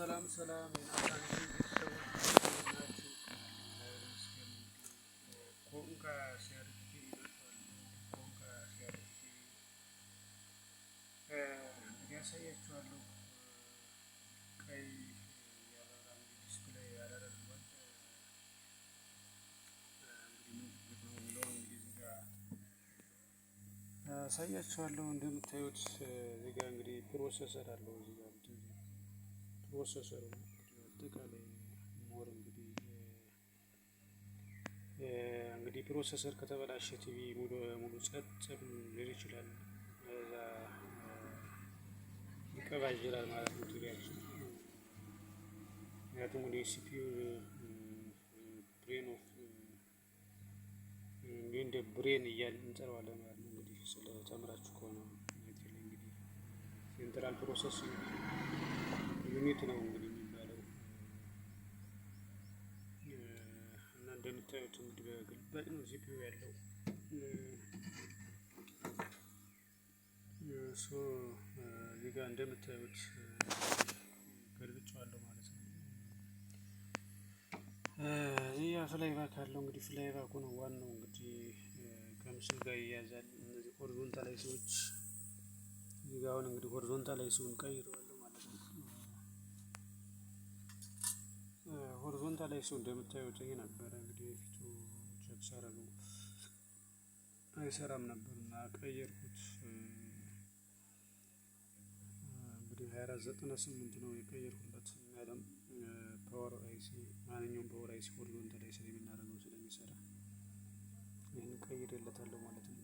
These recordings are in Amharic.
ሰላም ሰላም የናታን ቤተሰቦች ኮንካ ያሳያችኋለሁ። ቀይ ያበራ እንግዲህ ያደረግበት እንግዲህ ያሳያችኋለሁ። እንደምታዩት እዚህ እንግዲህ ፕሮሰሰር አለው ፕሮሰሰሩ አጠቃላይ ሞር እንግዲህ እንግዲህ ፕሮሰሰር ከተበላሸ ቲቪ ሙሉ ሙሉ ጸጥ ሊል ይችላል። እዛ ይቀባጅላል ማለት ነው ቲቪያችን። ምክንያቱም ወደ ሲፒዩ ብሬን ኦፍ እንዲ እንደ ብሬን እያልን እንጠራዋለን ማለት ነው። እንግዲህ ስለ ተምራችሁ ከሆነ እንግዲህ ሴንትራል ፕሮሰስ ነው። ዩኒት ነው እንግዲህ የሚባለው እና እንደምታዩት እንግዲህ በግልባጭ ነው ሲፒዩ ያለው እሱ እዚህ ጋር እንደምታዩት ገልብጫዋለሁ ማለት ነው። ይህ ፍላይባክ አለው እንግዲህ ፍላይባኩ ነው ዋናው እንግዲህ ከምስሉ ጋር ይያዛል። እነዚህ ሆሪዞንታል አይሲዎች እዚህ ጋር አሁን እንግዲህ ሆሪዞንታል አይሲውን ቀይረዋል። ማንታ ላይ ሰው እንደምታዩት ይሄ ነበረ እንግዲህ የፊቱ ቼክ ሳረጉ አይሰራም ነበር እና ቀየርኩት። እንግዲህ 2498 ነው የቀየርኩበት። ምክንያቱም ፓወር አይሲ ማንኛውም ፓወር አይሲ ሆሪዞንታል ላይ ስለምናደርገው ስለሚሰራ ይህን ቀይሬለታለሁ ማለት ነው።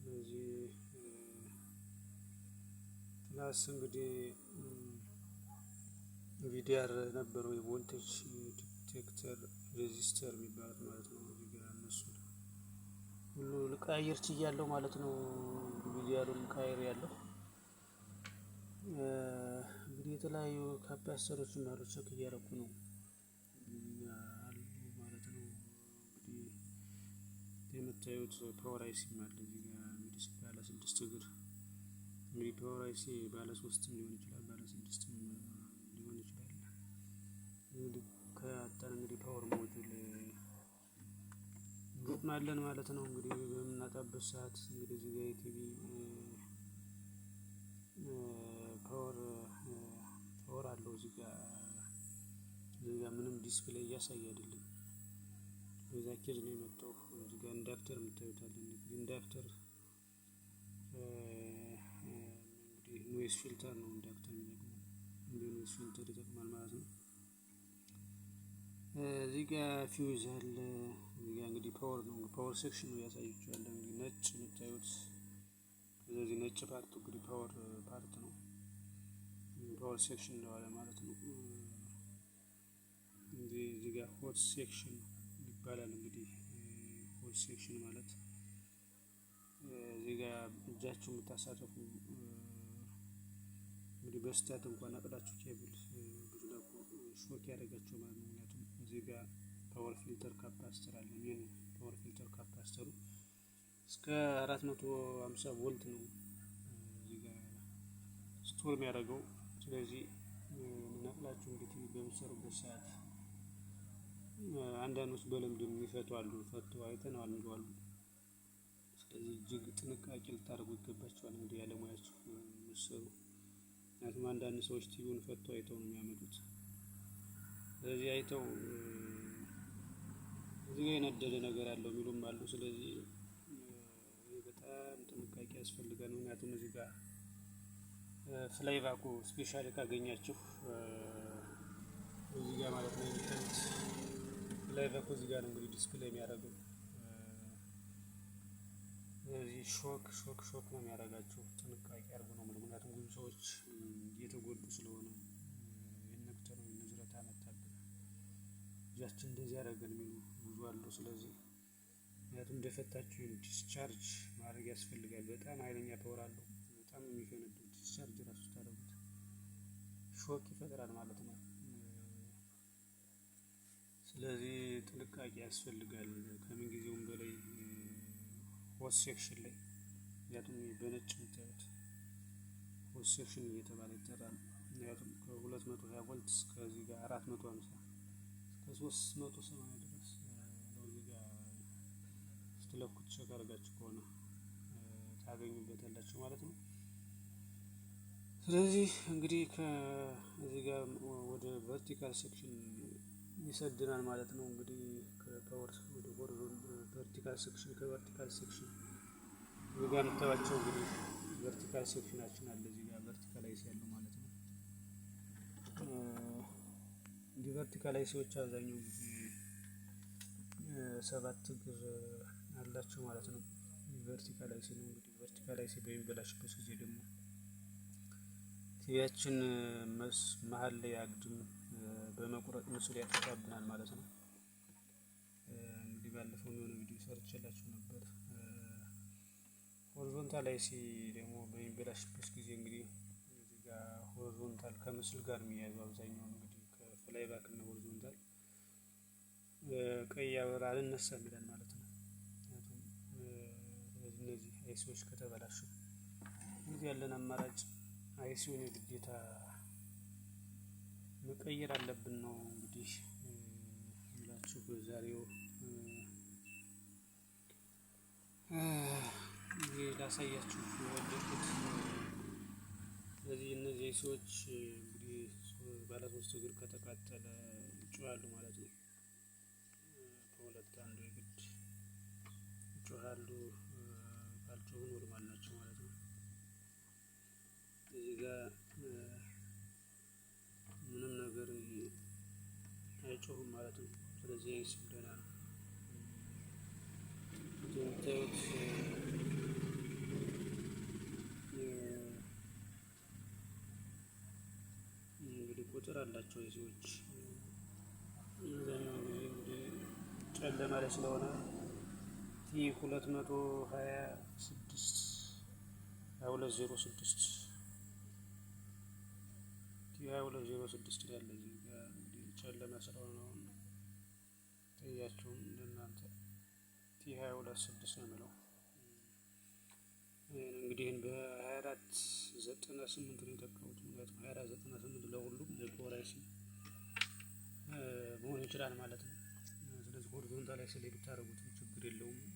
ስለዚህ ፕላስ እንግዲህ ቪዲአር ነበረው የቮልቴጅ ዲቴክተር ሬዚስተር የሚባሉት ማለት ነው። ቪዲአር እነሱ ሁሉ ልቀያየር ችያለሁ ማለት ነው። ቪዲአሩን ልቀያየር ያለው እንግዲህ የተለያዩ ካፓስተሮች እና ቼክ እያረኩ ነው አሉ ማለት ነው። እንግዲህ የምታዩት ፓወር አይሲ ማለት እንግዲህ ባለ ስድስት እግር እንግዲህ ፓወር አይሲ ባለ ሶስትም ሊሆን ይችላል ባለ ስድስትም እንግዲህ ከአጠር እንግዲህ ፓወር ሞጁል እንገጥማለን ማለት ነው። እንግዲህ በምናጣበት ሰዓት እንግዲህ እዚህ ጋር የቲቪ ፓወር ፓወር አለው እዚህ ጋር እዚህ ጋር ምንም ዲስፕሌይ እያሳየ አይደለም። በዛ ኬዝ ነው የመጣው። እዚህ ጋር ኢንዳክተር የምታዩታለን። ኢንዳክተር እንግዲህ ኖይስ ፊልተር ነው ኢንዳክተር የሚጠቅመው። ኖይስ ፊልተር ይጠቅማል ማለት ነው። እዚህ ጋር ፊውዝ አለ። እዚህ ጋር እንግዲህ ፓወር ነው ፓወር ሴክሽን ነው ያሳያችኋል። እንግዲህ ነጭ የምታዩት ነጭ ፓርት እንግዲህ ፓወር ፓርት ነው ፓወር ሴክሽን ማለት ነው። እንግዲህ እዚህ ጋር ሆት ሴክሽን ይባላል። እንግዲህ ሆት ሴክሽን ማለት እዚህ ጋር እጃችሁ የምታሳርፉ እንግዲህ በስታት እንኳን አቅዳችሁ ኬብል ብዙ ሾክ ያደረጋቸው ማለት ነው። ጋር ፓወር ፊልተር ካፓስተር አለ። ይህ ፓወር ፊልተር ካፓስተሩ እስከ 450 ቮልት ነው እዚህ ጋር ስቶር የሚያደርገው። ስለዚህ ምናቅላችሁ እንግዲህ በምሰሩበት ሰዓት አንዳንዶች በልምድ የሚፈቱ አሉ፣ ፈቶ አይተነዋል የሚለዋሉ። ስለዚህ እጅግ ጥንቃቄ ልታደርጉ ይገባቸዋል። እንግዲህ ያለሙያችሁ ምሰሩ ምክንያቱም አንዳንድ ሰዎች ቲቪውን ፈቶ አይተው ነው የሚያመጡት። ስለዚህ አይተው እዚህ ጋር የነደደ ነገር አለው የሚሉም አሉ። ስለዚህ በጣም ጥንቃቄ ያስፈልጋል። ምክንያቱም እዚህ ጋር ፍላይ ቫኩ ስፔሻል ካገኛችሁ እዚህ ጋር ማለት ነው የሚታዩት ፍላይ ቫኩ እዚህ ጋር ነው እንግዲህ ዲስፕሌይ የሚያደርገው። ስለዚህ ሾክ ሾክ ሾክ ነው የሚያደርጋችሁ። ጥንቃቄ አድርጉ ነው ምክንያቱም ብዙ ሰዎች እየተጎዱ ስለሆነ ነብያችን እንደዚህ ያደረገን የሚሉ ብዙ አሉ። ስለዚህ ምክንያቱም እንደፈታችሁ ዲስቻርጅ ማድረግ ያስፈልጋል። በጣም ኃይለኛ ተወራለሁ በጣም የሚፈነዱ ዲስቻርጅ ራሱ ታደረጉት ሾክ ይፈጥራል ማለት ነው። ስለዚህ ጥንቃቄ ያስፈልጋል ከምን ጊዜውም በላይ ሆት ሴክሽን ላይ ምክንያቱም በነጭ የምታዩት ሆት ሴክሽን እየተባለ ይጠራል። ምክንያቱም ከሁለት መቶ ሀያ ቮልት እስከዚህ ጋር አራት መቶ ሀምሳ ከሶስት መቶ ሰማንያ ድረስ ነው። እዚህ ጋር ስትለኩት አድርጋችሁ ከሆነ ታገኙበታላችሁ ማለት ነው። ስለዚህ እንግዲህ ከዚህ ጋር ወደ ቨርቲካል ሴክሽን ይሰድናል ማለት ነው። እንግዲህ ከፓወር ወደ ሆሪዞን ቨርቲካል ሴክሽን ከቨርቲካል ሴክሽን እዚህ ጋር የምታዩቸው እንግዲህ ቨርቲካል ሴክሽናችን አለ። እዚህ ጋር ቨርቲካላይዝ ያለው ሰባት ከላይ ሰዎች አብዛኛው ጊዜ ሰባት እግር አላቸው ማለት ነው። ቨርቲካላይሲ ነው እንግዲህ ቨርቲካላይሲ በሚበላሽበት ጊዜ ደግሞ ቲቪያችን መስ መሀል ላይ አግድም በመቁረጥ ምስሉ ያጠፋብናል ማለት ነው። እንግዲህ ባለፈው የሆነ ቪዲዮ ሰርቼላችሁ ነበር። ሆሪዞንታላይሲ ደግሞ በሚበላሽበት ጊዜ እንግዲህ እዚህ ጋር ሆሪዞንታል ከምስል ጋር የሚያዙ አብዛኛው እንግዲህ ላይ ባክና ወርዞንታል ቀይ አበባ አልነሳም ይላል ማለት ነው። ምክንያቱም እነዚህ አይሲዎች ከተበላሹ እንግዲህ ያለን አማራጭ አይሲውን የግዴታ መቀየር አለብን ነው እንግዲህ ላችሁ በዛሬው ላሳያችሁ ወደድኩት። ስለዚህ እነዚህ አይሲዎች ባለ ሶስት እግር ከተቃጠለ ይጮሃሉ ማለት ነው። ከሁለት አንዱ የግድ ይጮሃሉ። ካልጮሁ ኖርማል ናቸው ማለት ነው። እዚህ ጋር ምንም ነገር አይጮሁም ማለት ነው። ስለዚህ ስም ደህና ነው እንደምታዩት አላቸው። የሰዎች አብዛኛውን ጊዜ እንግዲህ ጨለማ ላይ ስለሆነ ቲ ሁለት መቶ ሀያ ስድስት ሀያ ሁለት ዜሮ ስድስት ቲ ሀያ ሁለት ዜሮ ስድስት ያለ እንግዲህ ጨለማ ስለሆነ አሁን ቲ ሀያ ሁለት ስድስት ነው የሚለው አራት ዘጠና ስምንት ነው የጠቀሙት። ምክንያቱም ሀያ አራት ዘጠና ስምንት ለሁሉም መሆን ይችላል ማለት ነው። ስለዚህ ሆሪዞንታል ላይ ስሌ ብታደርጉትም ችግር የለውም።